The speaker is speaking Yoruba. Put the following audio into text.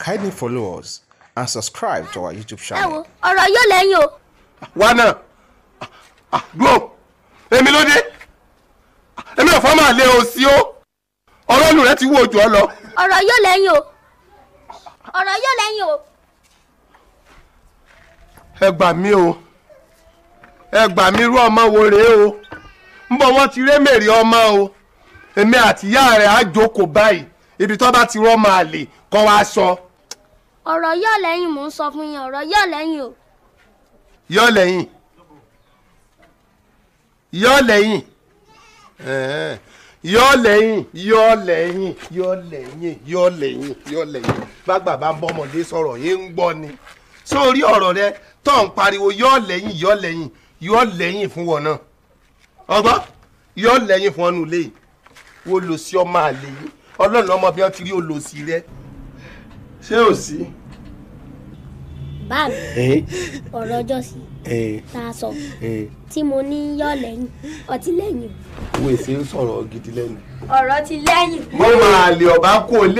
kindly follow us and subscribe to our YouTube channel. ẹ wo ọ̀rọ̀ yóò lẹ́yìn o. wà á náà àdúró èmi ló dé èmi ò fọ́ máa lé o sí o ọ̀rọ̀ ìlú rẹ ti wú ojú ọ lọ. ọ̀rọ̀ yóò lẹ́yìn o ọ̀rọ̀ yóò lẹ́yìn o. ẹ gbà mí o ẹ gbà mí irú ọmọ wo rèé o ń bọ̀ wọ́n ti rémèrè ọmọ o èmi àtìyá rẹ̀ á jókòó báyìí ibi tó bá ti rọ́ máa lè kọ́ wa sọ. So ọ̀rọ̀ yọ̀ lẹ́yìn mò ń sọ fún yín ọ̀rọ̀ yọ̀ lẹ́yìn o. yọ̀ lẹ́yìn yọ̀ lẹ́yìn yọ̀ lẹ́yìn yọ̀ lẹ́yìn yọ̀ lẹ́yìn yọ̀ lẹ́yìn yọ̀ lẹ́yìn bàgbà bá ń bọ́ ọmọdé sọ̀rọ̀ yín ń gbọ́ ni sórí ọ̀rọ̀ rẹ tó ń pariwo yọ̀ lẹ́yìn yọ̀ lẹ́yìn yọ̀ lẹ́yìn fún wọn náà ọgbọ́n yọ̀ lẹ́yìn fún ọnù lẹ́yìn wo lò sí ọmọ àlè yìí ọlọ́run ọmọ bí wọ́n ti rí olòṣì rẹ ṣé ò sí bàbá mi ọ̀rọ̀ ọjọ́ sí tá a sọ tí mo ní yọ̀ lẹ́yìn ọtí lẹ́yìn. wo èsì ń sọ̀rọ̀ gidi lẹ́nu. ọ̀rọ̀ ti lẹ́yìn. mo máa lè ọba kú olè.